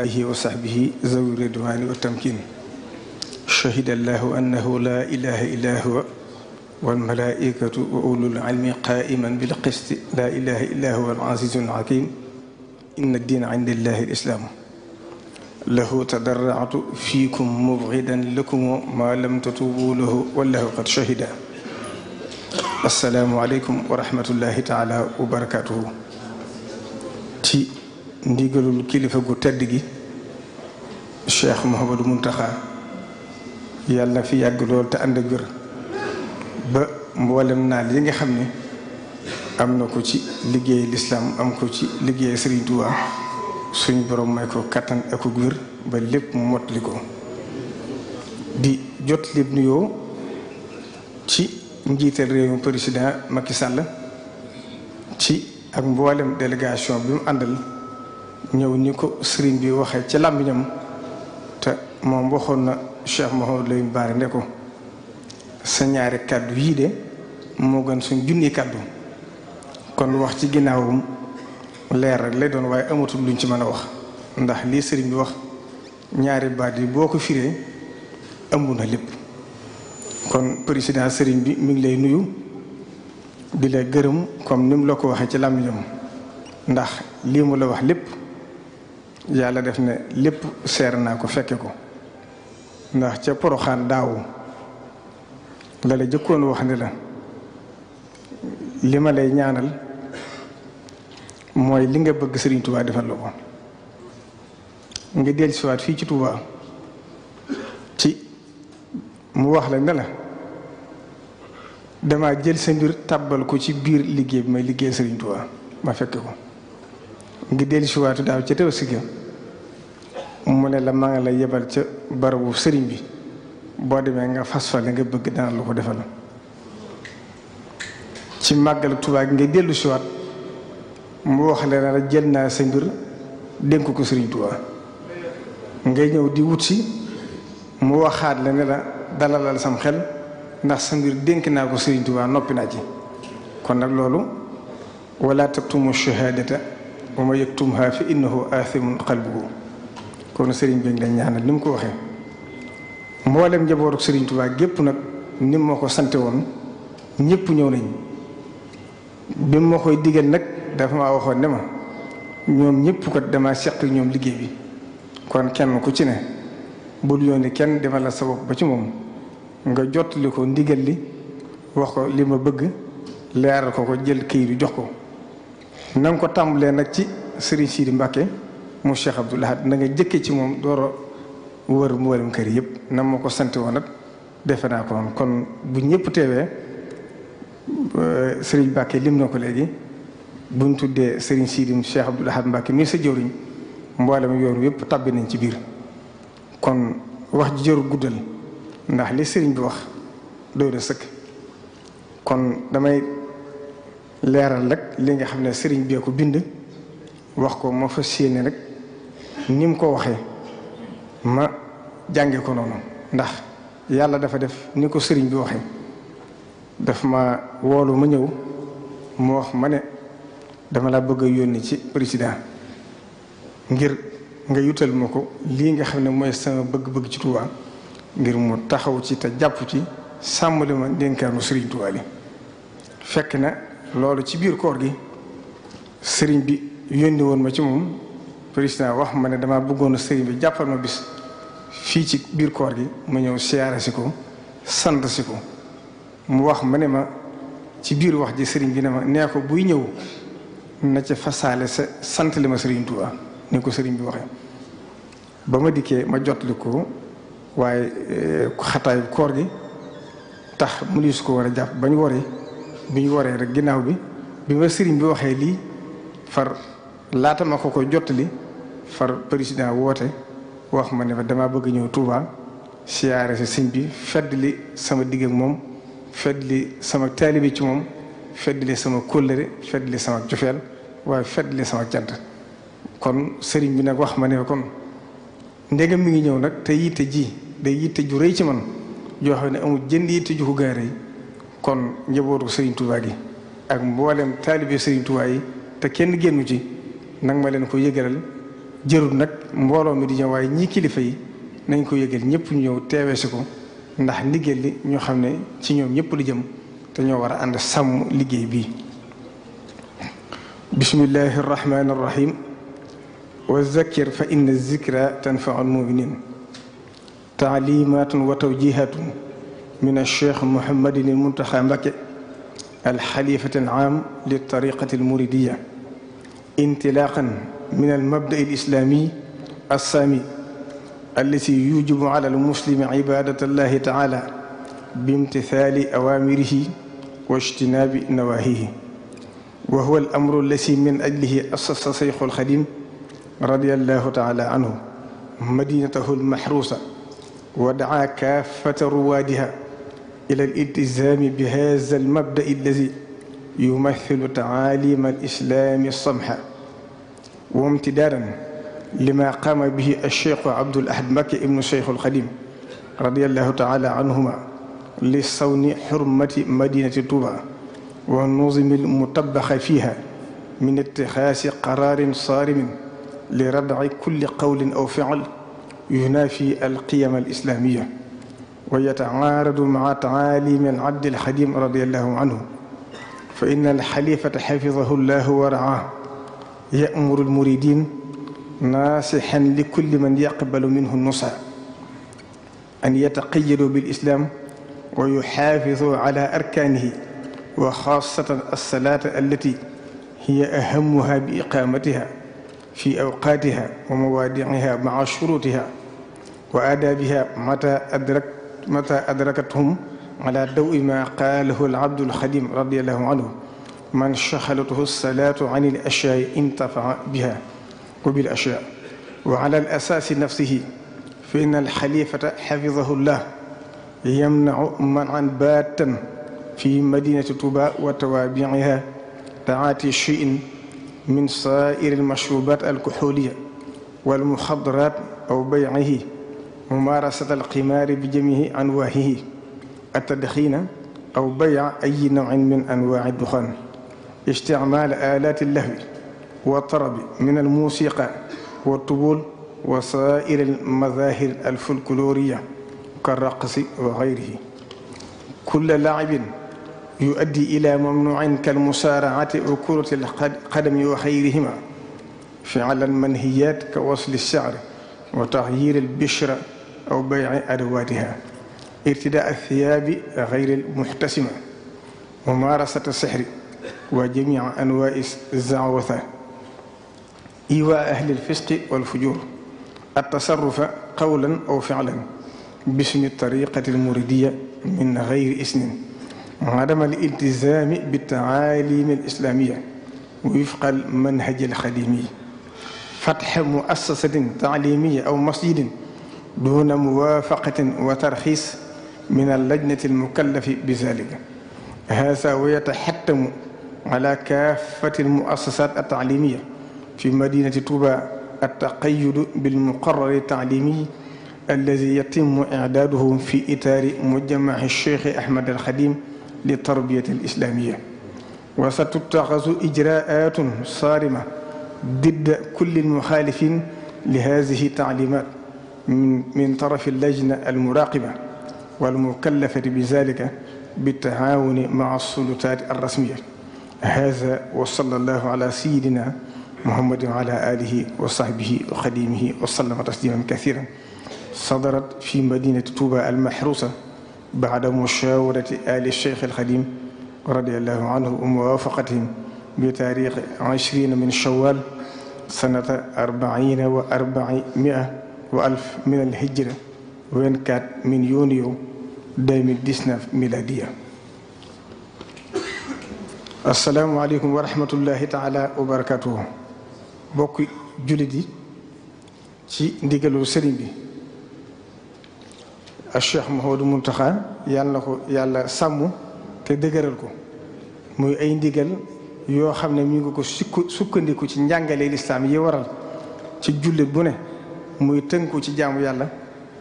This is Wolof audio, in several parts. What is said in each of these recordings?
alihi wa sahbihi zawi ridwani wa tamkin shahida allahu annahu la ilaha illa huwa walmalaikatu wa ulul ilmi qaiman bil qisti la ilaha illa huwa al azizu al hakim inna diina inda allahi al islam lahu tadarratu fiikum mubgidan lakum ma lam tatubu lahu wallahu qad shahida assalaamu aleykum wa rahmatullahi taala wa barakatuhu ndigalul kilifa gu tedd gi cheikh Mouhamadou Mountakha yàlla na fi yàgg lool te ànd ak gër ba mboolem naal yi nga xam ne am na ko ci liggéey lislaam am ko ci liggéey Serigne Touba suñ borom may ko kattan ak ko wér ba lépp mu mottali ko di jot lépp nuyoo ci njiital réewum président Macky Sall ci ak mboolem délégation bi mu àndal. ñëw ni ko sëriñ bi waxee ci làmbiñam te moom waxoon na Cheikh Mahamadou Lamine Bara ne ko sa ñaari kàddu yii de moo gën suñ junni kàddu kon lu wax ci ginnaawam leer rek lay doon waaye amatul luñ ci mën a wax ndax lii sëriñ bi wax ñaari baat yi boo ko firee ëmb na lépp kon président sëriñ bi mu ngi lay nuyu di la gërëm comme ni mu la ko waxee ci làmbiñam ndax lii mu la wax lépp yàlla def ne lépp seer naa ko fekke ko ndax ca poroxaan daaw la la jëkkoon wax ni la li ma lay ñaanal mooy li nga bëgg sëriñtuwaa Tuubaa defal la ko nga dellusiwaat fii ci Tuubaa ci mu wax la ne la dama jël sa mbir tàbbal ko ci biir liggéey bi may liggéey Sëriñ ma fekke ko ngi dellu si waatu daaw ca Tabaski ga mu ne la maa ngi la yebal ca barabu sëriñ bi boo demee nga fas fa la nga bëgg dana la ko defal ci màggal Tuubaa gi nga dellu si waat mu wax la jël naa sa mbir dénk ko sëriñ ngay ñëw di si mu waxaat la ne la dalalal sam xel ndax sa mbir dénk naa ko sëriñ Tuubaa noppi naa ci kon nag loolu wala taktumu shahadata wa ma yaktumha fa innahu aathimun qalbuhu kon sëriñ bi dañ na ni mu ko waxee mboolem njabootu sëriñ Tuubaa gépp nag ni moo ko sante woon ñëpp ñëw nañ bi ma koy digal nag dafa ma waxoon ne ma ñoom ñëpp ko dama seq ñoom liggéey bi kon kenn ku ci ne bu bul yónni kenn demal la sabab ba ci moom nga jottali ko ndigal li wax ko li ma bëgg leeral ko ko jël këyit jox ko na nga ko tàmbalee nag ci Serigne Sidi Mbacke mu Cheikh Abdoul Ahad na nga jëkkee ci moom door a wër mboolem kër yëpp na ma ko sant woon nag defe naa ko noonu kon bu ñëpp teewee Serigne Mbacke lim na ko léegi buñ tuddee Serigne Sidi mu Cheikh Abdoul Ahad Mbacke mii sa jëwriñ mboolem yoon yëpp tabbi nañ ci biir kon wax ji jëru guddal ndax li Serigne bi wax doy na sëkk kon damay. leeral rek li nga xam ne sëriñ bee ko bind wax ko ma fas yéene rek ni mu ko waxee ma jànge ko noonu ndax yàlla dafa def ni ko sëriñ bi waxee daf ma woolu ma ñëw mu wax ma ne dama la bëgg a yónni ci président ngir nga yutal ma ko lii nga xam ne mooy sama bëgg-bëgg ci Touba ngir mu taxaw ci te jàpp ci sàmmali ma ndénkaanu sëriñ Touba li fekk na loolu ci biir koor gi sëriñ bi yónni woon ma ci moom président wax ma ne dama bëggoon sëriñ bi jàppal ma bis fii ci biir koor gi ma ñëw siyaare si ko sant si ko mu wax ma ne ma ci biir wax ji sëriñ bi ne ma nee ko buy ñëw na ca fasaale sa sant li ma sëriñ Tuubaa ni ko sëriñ bi waxee ba ma dikkee ma jotli ko waaye eh, xataayu koor gi tax mu su ko war a jàpp bañ wori bi ñu waree rek ginnaaw bi bi ma sëriñ bi waxee lii far laata ma ko ko jottali far président woote wax ma ne fa damaa bëgg ñëw Touba siyaare si sëñ bi fedd li sama digg moom fedd li sama taalibe ci moom fedd li sama kóllëre fedd li sama cofeel waaye fedd li sama cant kon sëriñ bi nag wax ma ne kon ndegam mi ngi ñëw nag te yitte ji day yitte ju rëy ci man joo xam ne amul jënd yitte ju ko gaaree kon njabootu Serigne gi ak mboolem taalibe Serigne yi te kenn génnu ci nag ma leen ko yëgalal jërul nag mbooloo mi di ñëw ñii kilifa yi nañ ko yëgal ñëpp ñu ñëw teewee si ko ndax ndigal li ñu xam ne ci ñoom ñëpp li jëm te ñoo war a ànd sàmm liggéey bi bismillahi arrahmani arrahim wa zakkir fa inna zikra tanfaau almuminin taalimatun wa tawjihatun min alcheikh mohammadin il muntaxa mbake alxalifati al aam liltariqati almuridiya intilaqan min almabda alislami alsaami allati yujibu ala almuslimi cibadat allahi taala bimtithaali awaamirihi wa ijtinaabi nawaahihi wa huwa alamru allati min ajlihi assasa seyxu alxadim radiallahu taala anhu madinatahu almahruusa wa daa kaafata ruwaadiha ila al-iltizaami bi haazal mabda'i allazii yumathilu taaliima al-islaami as-samha wa imtidaadan limaa qaama bihi ash-sheikh Abdul Ahad Mbacké ibnu Cheikh al-Khadim radiyallaahu ta'aalaa anhumaa li sawni hurmati madiinati Tuubaa wa nuzuumi al-mutabaxi fiihaa min ittixaasi qaraarin saarimin li rad'i kulli qawlin aw fi'lin yunaafi al-qiyam al-islaamiyya wa yataaradu maa taalimi al abdi al xadim radiallahu anhu fa inna al xalifata xafidahu llahu wa raah yamuru al muridin naasixan li kulli man yaqbalu minhu nusa an yataqayadu bil islam wa yuxaafidu ala arkaanihi wa xaasatan alsalaata allati hiya ahamuha bi iqaamatiha fi awqaatiha wa mawaadiciha maa shurutiha wa aadaabiha mata adrak mata adrakathum ala dawi ma qaalahu alabdu alxadim radiallahu anhu man chaxalathu salaatu an il ashyaai intafaa biha wa bil ashyaa wa ala al asaasi nafsihi fa in alxalifata xafidahu llah yamnacu manan baatan fi madinati tuba wa tawaabiciha taati cheyin min saairi almashrubat alkoxoliya walmuxadaraat aw baycihi mumaarasat alximaari bi jamihi anwaahihi atadxiina aw baya ayi nawin min anwaaci duxaan isticmaal alaati lahwi wa tarabi min almuusiqa wa tubul wa saair almazahir alfolkloriya ka raqsi wa gayrihi kulla laacibin يؤدي إلى ممنوع كالمسارعة وكرة القدم وخيرهما فعل المنهيات كوصل السعر وتغيير البشرة aw bay'i adawaatiha irtidaa athiyaabi gayri almuxtasima wa maarasat sixri wa jamii anwaai zawatha iwa ahli alfisqi walfujur altasarufa qawlan aw ficlan bismi tariqati almuridiya min gayri isnin maadama aliltizaami bitaalimi alislamiya wa wifqa almanhaji alxadimi fatxa muassasatin taalimiya aw masjidin duuna muwaafaqatin wa tarxiis min allajnati almukallafi bi zalika haasa wa yataxattamu ala kaafati almuassasat altaalimiya fi madinati tuuba altaqayudu bilmuqarari altaalimiyi alladi yatimu icdaaduhu fi itaari mujamaci cheikh ahmad alxadim litarbiyati alislamiya wa satutaxasu ijraatun saarima didda kulli almuxaalifin li hadihi taalimat min min tarafi lajna almuraqiba walmukallafati bi zalika bitaawuni maa sulutaati alrasmiya haaza wa sallallahu ala sayidina muhammadin wa ala alihi wa sahbihi wa xadimihi wa sallama tasliman kathiran sadarat fi madinati tuuba almahrusa baada mushawarati ali cheikh alxadim radiallahu anhu wa muwafaqatihim bi taarixi ishrina min shawal sanata arbaina wa arbai mia wa alf min al hijra 24 min yuuniyu 2019 miladiya asalaamaaleykum wa rahmatullahi taala wa barakatuhu bokk jullit yi ci ndigalu sëriñ bi ak Cheikh Mouhamadou Mountakha yàlla ko yàlla sàmm te dëgëral ko muy ay ndigal yoo xam ne mi ngi ko sukkandiku ci njàngale lislaam yi waral ci jullit bu ne muy tënku ci jaamu yàlla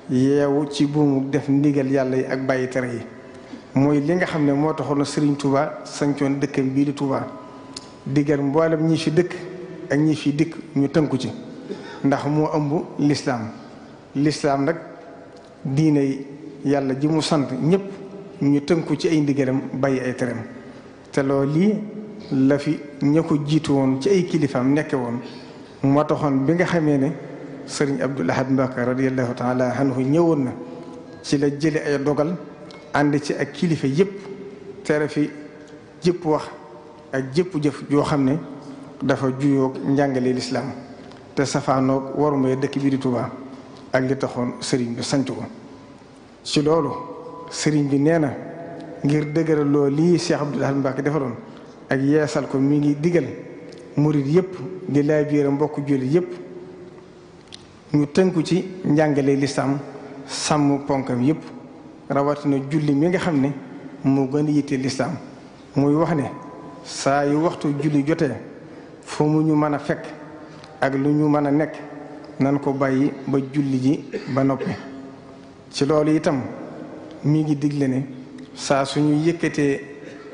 yeewu ci buumu def ndigal yàlla yi ak bàyyi tere yi mooy li nga xam ne moo taxoon Serigne Touba sancoon dëkkam bii di Touba diggal mboolem ñi fi dëkk ak ñi fi dikk ñu tënku ci ndax moo ëmb lislaam lislaam nag diine yàlla ji mu sant ñëpp ñu tënku ci ay ndigalam bàyyi ay tereem te loo lii la fi ña ko jiitu woon ci ay kilifaam nekke woon moo taxoon bi nga xamee ne sëriñ Abdul Ahad Mbacké radiyallahu taala anhu ñëwoon na ci la jële ay dogal ànd ci ak kilifa yëpp tere fi jëpp wax ak jëpp jëf joo xam ne dafa juyoog njàngale lislaam te safaanoog warumee dëkk bi di ak li taxoon sëriñ bi sanc ko ci loolu sëriñ bi nee na ngir dëgëral loo lii Cheikh Abdul Ahad Mbacké defaloon ak yeesal ko mi ngi digal murit yëpp di laaj biir mbokk jullit yëpp mu tënku ci njàngale lislaam sàmm ponkam yépp rawatina julli mi nga xam ne moo gën a yitte lislaam muy wax ne saa yu waxtu julli jotee fu mu ñu mën a fekk ak lu ñu mën a nekk nan ko bàyyi ba julli ji ba noppi ci loolu itam mi ngi digle ne saa suñu yëkkatee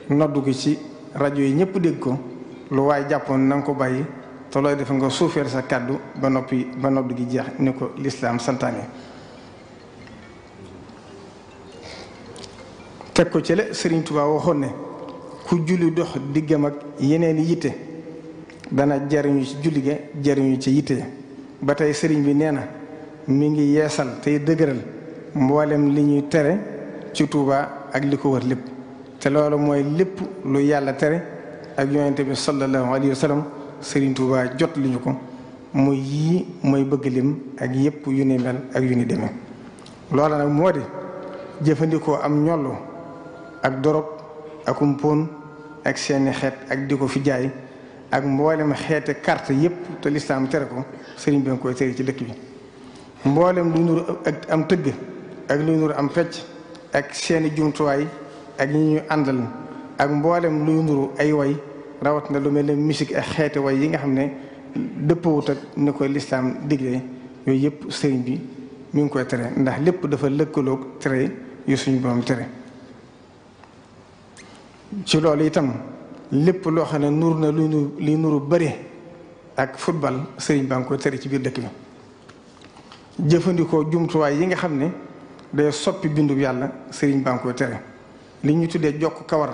noddu gi ci rajo yi ñépp dégg ko lu waaye jàppoon nan ko bàyyi te looy def nga suufeel sa kàddu ba noppi ba noppi gi jeex ni ko lislaam santaane teg ko ci la Sëriñ Tuubaa waxoon ne ku julli dox diggam ak yeneen yitte dana jariñu ci julli ga jariñu ci yitte ba tey sëriñ bi nee na mi ngi yeesal tey dëgëral mboolem li ñuy tere ci Tuubaa ak li ko wër lépp te loolu mooy lépp lu yàlla tere ak yonente bi sallallahu alayhi wa sallam sëriñ Touba jot li ñu ko muy yii mooy bëgg lim ak yëpp yu ni mel ak yu ni demee loola nag moo di jëfandikoo am ñollu ak dorog ak umpon ak seeni xeet ak di ko fi jaay ak mboolem xeete kart yëpp te lislaam tere ko sëriñ bi nga koy tere ci dëkk bi mboolem lu nuru ak am tëgg ak lu nuru am fecc ak seeni jumtuwaay ak ñi ñu àndal ak mboolem luy nuru ay way rawat na lu mel ne musique ay xeeti way yi nga xam ne dëppawut ak ni koy lislaam digle yooyu yëpp sëriñ bi mu ngi koy tere ndax lépp dafa lëkkaloog tere yu suñu borom tere ci loolu itam lépp loo xam ne nur na lu li nuru bëri ak football sëriñ baa ngi koy tere ci biir dëkk bi jëfandikoo jumtuwaay yi nga xam ne day soppi bindu yàlla sëriñ baa ngi koy tere li ñu tuddee jokk kawar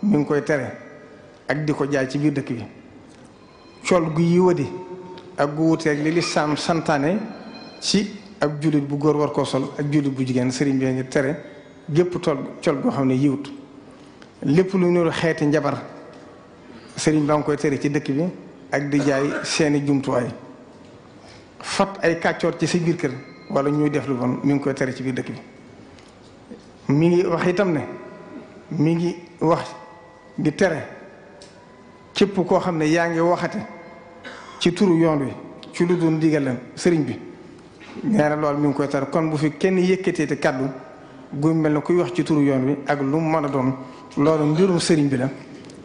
mu ngi koy tere ak di ko jaay ci biir dëkk bi col gu yiwadi ak gu wuteeg li lislaam santaane ci ab jullit bu góor war koo sol ak jullit bu jigéen sëriñ bi ngi tere gépp tol col goo xam ne yiwut lépp lu nuru xeeti njabar sëriñ baa ngi koy tere ci dëkk bi ak di jaay seeni jumtuwaay fat ay kàccoor ci si biir kër wala ñuy def lu bon mi ngi koy tere ci biir dëkk bi mi ngi wax itam ne mi ngi wax di tere képp koo xam ne yaa ngi waxate ci turu yoon wi ci lu dul ndigalam sëriñ bi nee loolu mu ngi koy tar kon bu fi kenn yëkkatee te kàddu gu mel ne kuy wax ci tur yoon wi ak lu mu mën a doon loolu mbirum sëriñ bi la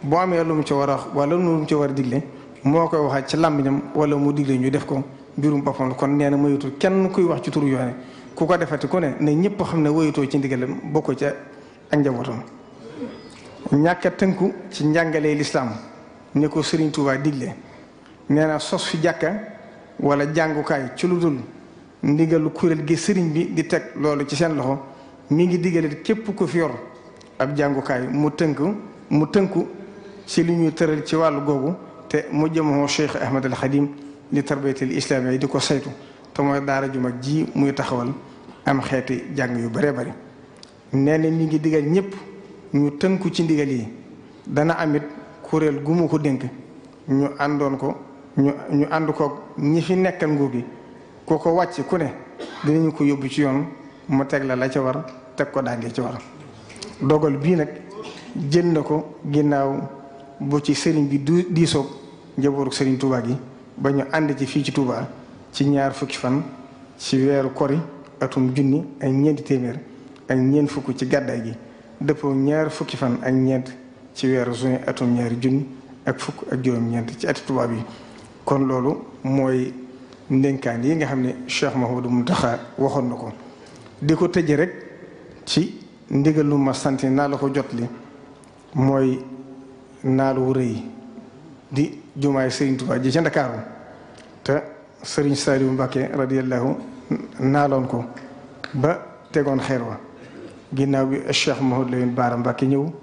boo amee lu mu ci war a wala lu mu war a digle moo koy waxaat ci làmmiñam wala mu digle ñu def ko mbirum boppam kon nee na mayatul kenn kuy wax ci tur yoon wi ku ko defati ku ne ne ñëpp xam ne wayatoo ci ndigalam bokk ca ak njabootam ñàkk tënku ci njàngale lislaam ni ko Serigne Touba digle nee na sos fi jàkka wala jàngukaay ci lu dul ndigalu kuréel gi sëriñ bi di teg loolu ci seen loxo mi ngi digale képp ku fi yor ab jàngukaay mu tënk mu tënku ci li ñuy tëral ci wàllu googu te mu jëmoo Cheikh Ahmed Al Khadim li tarbiyatil islam yi di ko saytu te mooy daara ju mag ji muy taxawal am xeeti jàng yu bare bari nee na mi ngi digal ñëpp ñu tënku ci ndigal yi dana amit kuréel gu ko dénk ñu àndoon ko ñu ñu ànd ko ñi fi nekkal nguur gi ku ko wàcc ku ne dinañu ko yóbbu ci yoon mu teg la la ca war teg ko daal ci war dogal bii nag jël na ko ginnaaw bu ci sëriñ bi du diisoog njabootu sëriñ Touba gi ba ñu ànd ci fii ci Touba ci ñaar fukki fan ci weeru kori atum junni ak ñeenti téeméer ak ñeent fukk ci gàddaay gi dëppoo ñaar fukki fan ak ñeent. ci weeru juin atum ñaari junni ak fukk ak juróom-ñeent ci ati tubaab yi kon loolu mooy ndénkaan yi nga xam ne Cheikh Mouhamadou Mountakha waxoon na ko di ko tëje rek ci ndigal lu ma sant naa la ko jot li mooy naalu wu rëy di jumaay Serigne Touba ji ca Ndakaaru te Serigne Saliou Mbacké radiyallahu naaloon ko ba tegoon xeer wa ginnaaw bi Cheikh Mouhamadou Lamine Bara Mbacké ñëw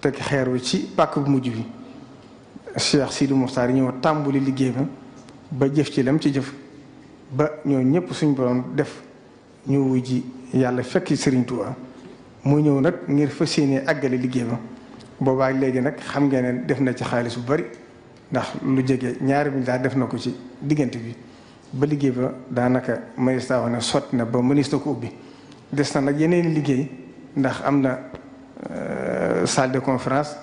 teg xeer wi ci pàkk bu mujj bi Cheikh Sidi Mokhtar ñëw tàmbuli liggéey ba ba jëf ci lam ci jëf ba ñoo ñëpp suñ borom def ñu wuy ji yàlla fekk Serigne Touba mu ñëw nag ngir fas yéenee àggale liggéey ba boobaa léegi nag xam nga ne def na ci xaalis bu bari ndax lu jege ñaari milliards def na ko ci diggante bi ba liggéey ba daanaka ministre wax ne sotti na ba ministre ko ubbi des na nag yeneen liggéey ndax am na. Euh, salle de conférence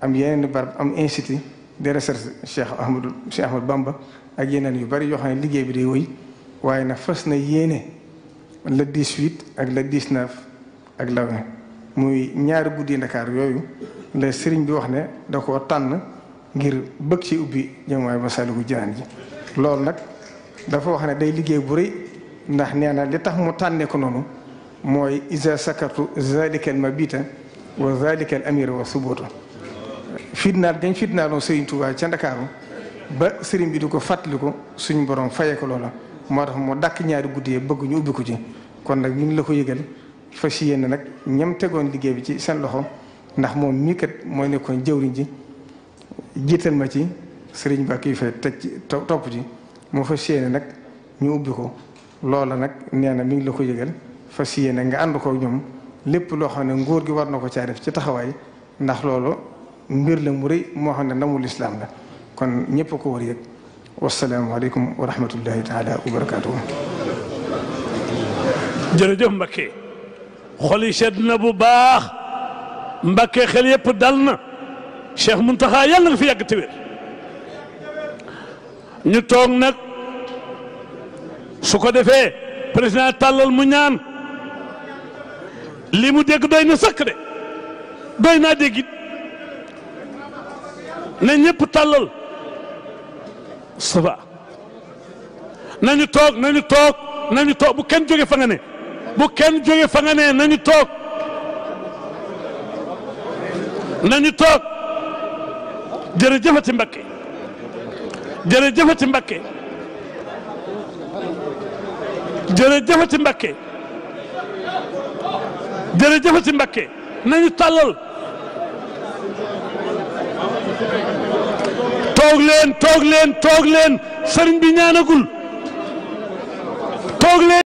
am yeneen barab am institut de recherche Cheikh Ahmadou Cheikh Ahmadou Bamba ak yeneen yu bari yoo xam ne liggéey bi day wëy waaye nag fas na yéene le 18 ak le 19 ak le muy ñaari guddi Ndakaar yooyu la sëriñ bi wax ne da koo tànn ngir bëgg ci ubbi jëmwaay Masaalikul Jinaan ji loolu nag dafa wax ne day liggéey bu rëy ndax nee na li tax mu tànnee ko noonu mooy isa sakatu zalikal mabita wa zalika al amir wa subutu fitnaal dañ fitnaaloon Serigne Touba ca Ndakaaru ba Serigne bi di ko fàttali ko suñ borom faye ko loola moo tax moo dàkk ñaari guddi yee bëgg ñu ubbi ko ci kon nag ñu ngi la ko yëgal fas yéene nag ñam tegoon liggéey bi ci seen loxo ndax moom mii kat nekkoon jëwriñ ji jiital ma ci Serigne Ba kii fay teg topp ji moo fas nag ñu ubbi nag nee na mi ngi la ko yëgal fas yéene nga ànd ko ñoom. lépp loo xam ne nguur gi war na ko caa def ci taxawaay ndax loolu mbir la mu rëy moo xam ne ndamul islaam la kon ñëpp ko war yëg wasalaamaaleykum wa rahmatullahi taala wa barakaatu. jërëjëf Mbakke xol sedd na bu baax Mbakke xel yëpp dal na Cheikh Muntaxa yàlla nga fi yàgg te wér ñu toog nag su ko defee président tàllal mu lii mu dégg doy na sakk de doy naa dégg it na ñëpp tàllal saba nañu toog nañu toog nañu toog bu kenn jóge fa nga ne bu kenn jóge fanga nga ne nañu toog nañu toog jërëjëfati Mbakke jërëjëfati Mbakke jërëjëfati Mbakke jërëjëf si Mbakke nañu tàllal toog leen toog leen toog leen sëriñ bi ñaanagul toog leen